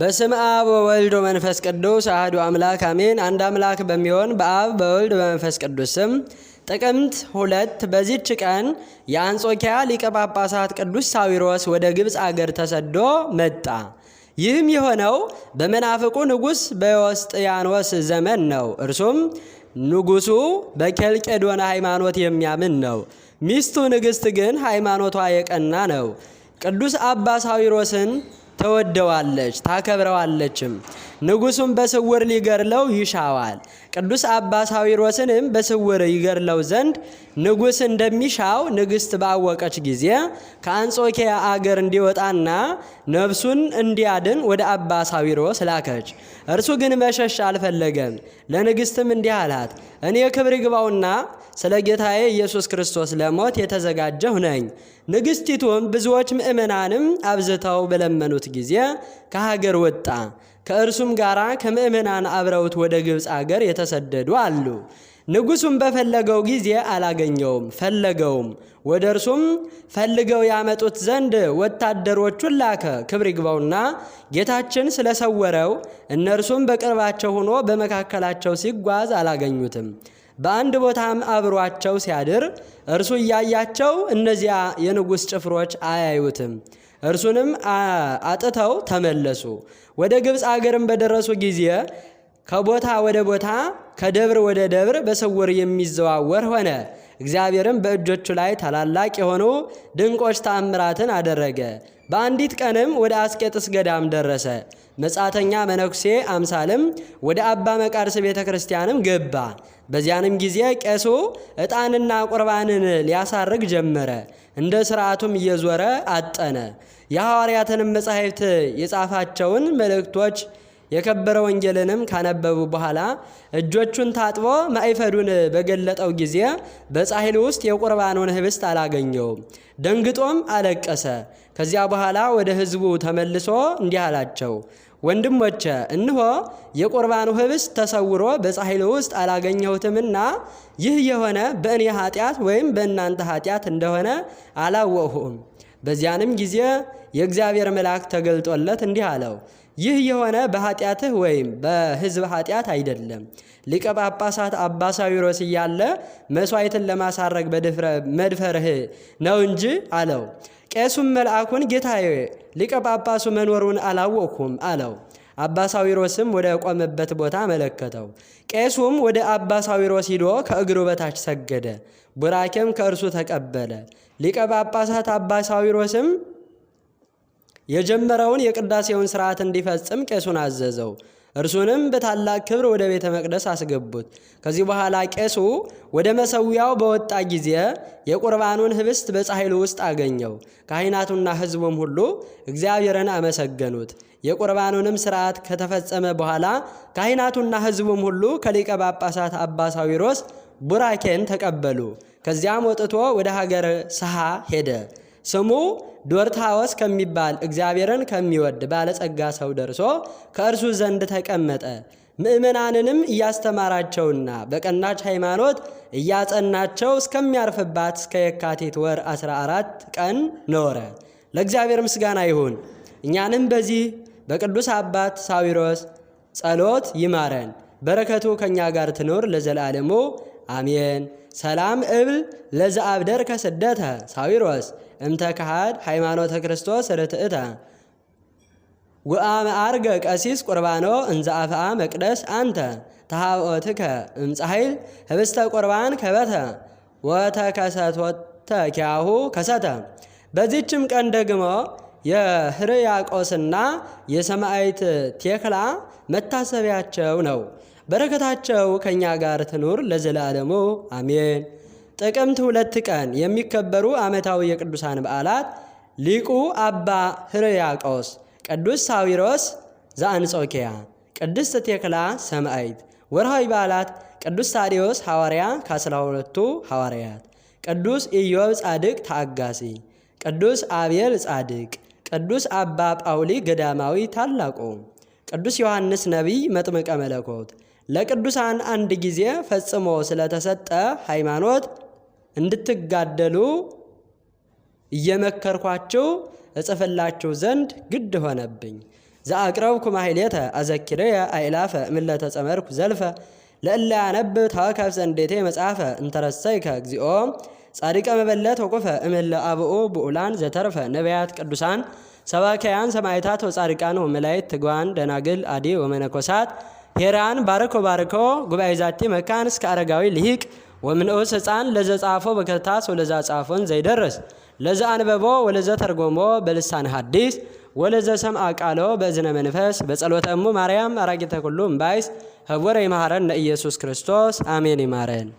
በስም አብ ወወልድ ወመንፈስ ቅዱስ አህዱ አምላክ አሜን። አንድ አምላክ በሚሆን በአብ በወልድ በመንፈስ ቅዱስ ስም ጥቅምት ሁለት በዚች ቀን የአንጾኪያ ሊቀ ጳጳሳት ቅዱስ ሳዊሮስ ወደ ግብፅ አገር ተሰዶ መጣ። ይህም የሆነው በመናፍቁ ንጉሥ በዮስጥያኖስ ዘመን ነው። እርሱም ንጉሡ በኬልቄዶን ሃይማኖት የሚያምን ነው። ሚስቱ ንግሥት ግን ሃይማኖቷ የቀና ነው። ቅዱስ አባ ሳዊሮስን ትወደዋለች ታከብረዋለችም። ንጉሱም በስውር ሊገድለው ይሻዋል። ቅዱስ አባ ሳዊሮስንም በስውር ይገድለው ዘንድ ንጉስ እንደሚሻው ንግስት ባወቀች ጊዜ ከአንጾኪያ አገር እንዲወጣና ነፍሱን እንዲያድን ወደ አባ ሳዊሮስ ላከች። እርሱ ግን መሸሽ አልፈለገም። ለንግስትም እንዲህ አላት፣ እኔ ክብር ይግባውና ስለ ጌታዬ ኢየሱስ ክርስቶስ ለሞት የተዘጋጀሁ ነኝ። ንግስቲቱም ብዙዎች ምእመናንም አብዝተው በለመኑት ጊዜ ከሀገር ወጣ። ከእርሱም ጋር ከምእመናን አብረውት ወደ ግብፅ አገር የተሰደዱ አሉ። ንጉሱም በፈለገው ጊዜ አላገኘውም። ፈለገውም ወደ እርሱም ፈልገው ያመጡት ዘንድ ወታደሮቹን ላከ። ክብር ይግባውና ጌታችን ስለሰወረው እነርሱም በቅርባቸው ሆኖ በመካከላቸው ሲጓዝ አላገኙትም። በአንድ ቦታም አብሯቸው ሲያድር እርሱ እያያቸው እነዚያ የንጉሥ ጭፍሮች አያዩትም። እርሱንም አጥተው ተመለሱ። ወደ ግብፅ አገርም በደረሱ ጊዜ ከቦታ ወደ ቦታ ከደብር ወደ ደብር በስውር የሚዘዋወር ሆነ። እግዚአብሔርም በእጆቹ ላይ ታላላቅ የሆኑ ድንቆች ተአምራትን አደረገ። በአንዲት ቀንም ወደ አስቄጥስ ገዳም ደረሰ። መጻተኛ መነኩሴ አምሳልም ወደ አባ መቃርስ ቤተ ክርስቲያንም ገባ። በዚያንም ጊዜ ቄሱ ዕጣንና ቁርባንን ሊያሳርግ ጀመረ። እንደ ሥርዓቱም እየዞረ አጠነ። የሐዋርያትንም መጻሕፍት የጻፋቸውን መልእክቶች የከበረ ወንጌልንም ካነበቡ በኋላ እጆቹን ታጥቦ ማይፈዱን በገለጠው ጊዜ በጻሕል ውስጥ የቁርባኑን ህብስት አላገኘውም። ደንግጦም አለቀሰ። ከዚያ በኋላ ወደ ህዝቡ ተመልሶ እንዲህ አላቸው። ወንድሞቼ እንሆ የቁርባኑ ህብስት ተሰውሮ በጻሕል ውስጥ አላገኘሁትምና ይህ የሆነ በእኔ ኃጢአት ወይም በእናንተ ኃጢአት እንደሆነ አላወቅሁም። በዚያንም ጊዜ የእግዚአብሔር መልአክ ተገልጦለት እንዲህ አለው ይህ የሆነ በኃጢአትህ ወይም በሕዝብ ኃጢአት አይደለም። ሊቀ ጳጳሳት አባ ሳዊሮስ እያለ መሥዋዕትን ለማሳረግ መድፈርህ ነው እንጂ አለው። ቄሱም መልአኩን ጌታዬ፣ ሊቀ ጳጳሱ መኖሩን አላወቅኩም አለው። አባ ሳዊሮስም ወደ ቆመበት ቦታ መለከተው። ቄሱም ወደ አባ ሳዊሮስ ሂዶ ከእግሩ በታች ሰገደ፣ ቡራኬም ከእርሱ ተቀበለ። ሊቀ ጳጳሳት አባ ሳዊሮስም የጀመረውን የቅዳሴውን ሥርዓት እንዲፈጽም ቄሱን አዘዘው። እርሱንም በታላቅ ክብር ወደ ቤተ መቅደስ አስገቡት። ከዚህ በኋላ ቄሱ ወደ መሰዊያው በወጣ ጊዜ የቁርባኑን ህብስት በፀሐይሉ ውስጥ አገኘው። ካህናቱና ሕዝቡም ሁሉ እግዚአብሔርን አመሰገኑት። የቁርባኑንም ሥርዓት ከተፈጸመ በኋላ ካህናቱና ሕዝቡም ሁሉ ከሊቀ ጳጳሳት አባ ሳዊሮስ ቡራኬን ተቀበሉ። ከዚያም ወጥቶ ወደ ሀገር ሰሃ ሄደ። ስሙ ዶርታዎስ ከሚባል እግዚአብሔርን ከሚወድ ባለጸጋ ሰው ደርሶ ከእርሱ ዘንድ ተቀመጠ። ምእመናንንም እያስተማራቸውና በቀናች ሃይማኖት እያጸናቸው እስከሚያርፍባት እስከ የካቲት ወር 14 ቀን ኖረ። ለእግዚአብሔር ምስጋና ይሁን። እኛንም በዚህ በቅዱስ አባት ሳዊሮስ ጸሎት ይማረን። በረከቱ ከእኛ ጋር ትኖር ለዘላለሙ አሜን። ሰላም እብል ለዘአብደር ከስደተ ሳዊሮስ እምተ እምተካሃድ ሃይማኖተ ክርስቶስ ርትእተ ውአመ አርገ ቀሲስ ቁርባኖ እንዘአፍአ መቅደስ አንተ ተሃወትከ እምፀሐይል ህብስተ ቁርባን ከበተ ወተከሰቶተ ኪያሁ ከሰተ። በዚችም ቀን ደግሞ የህርያቆስና የሰማዕት ቴክላ መታሰቢያቸው ነው። በረከታቸው ከእኛ ጋር ትኑር ለዘላለሙ አሜን። ጥቅምት ሁለት ቀን የሚከበሩ ዓመታዊ የቅዱሳን በዓላት ሊቁ አባ ሕርያቆስ፣ ቅዱስ ሳዊሮስ ዘአንጾኪያ፣ ቅድስት ቴክላ ሰማዕት። ወርሃዊ በዓላት ቅዱስ ታዲዮስ ሐዋርያ ከአስራ ሁለቱ ሐዋርያት፣ ቅዱስ ኢዮብ ጻድቅ ታጋሲ ቅዱስ አብየል ጻድቅ፣ ቅዱስ አባ ጳውሊ ገዳማዊ ታላቁ፣ ቅዱስ ዮሐንስ ነቢይ መጥምቀ መለኮት ለቅዱሳን አንድ ጊዜ ፈጽሞ ስለተሰጠ ሃይማኖት እንድትጋደሉ እየመከርኳችሁ እጽፍላችሁ ዘንድ ግድ ሆነብኝ። ዘአቅረብኩ ማሕሌተ አዘኪርየ አይላፈ ምለተ ጸመርኩ ዘልፈ ለእለ ያነብብ ታከብ ዘንዴቴ መጽሐፈ እንተረሰይከ እግዚኦ ጻድቀ መበለት ወቁፈ እምህለ አብኡ ብኡላን ዘተርፈ ነቢያት ቅዱሳን ሰባካያን ሰማይታት ወጻድቃን ወመላይት ትጓን ደናግል አዲ ወመነኮሳት ሄራን ባረኮ ባረኮ ጉባኤ ዛቲ መካን እስከ አረጋዊ ልሂቅ ወምንዑስ ህፃን ለዘ ጻፎ በከርታስ ወለዛ ጻፎን ዘይደርስ ለዘ አንበቦ ወለዘ ተርጎሞ በልሳን ሀዲስ ወለዘ ሰምዐ ቃሎ በእዝነ መንፈስ በጸሎተ እሙ ማርያም አራቂተ ኩሉ እምባይስ ህቡረ ይማረን ለኢየሱስ ክርስቶስ አሜን። ይማረን።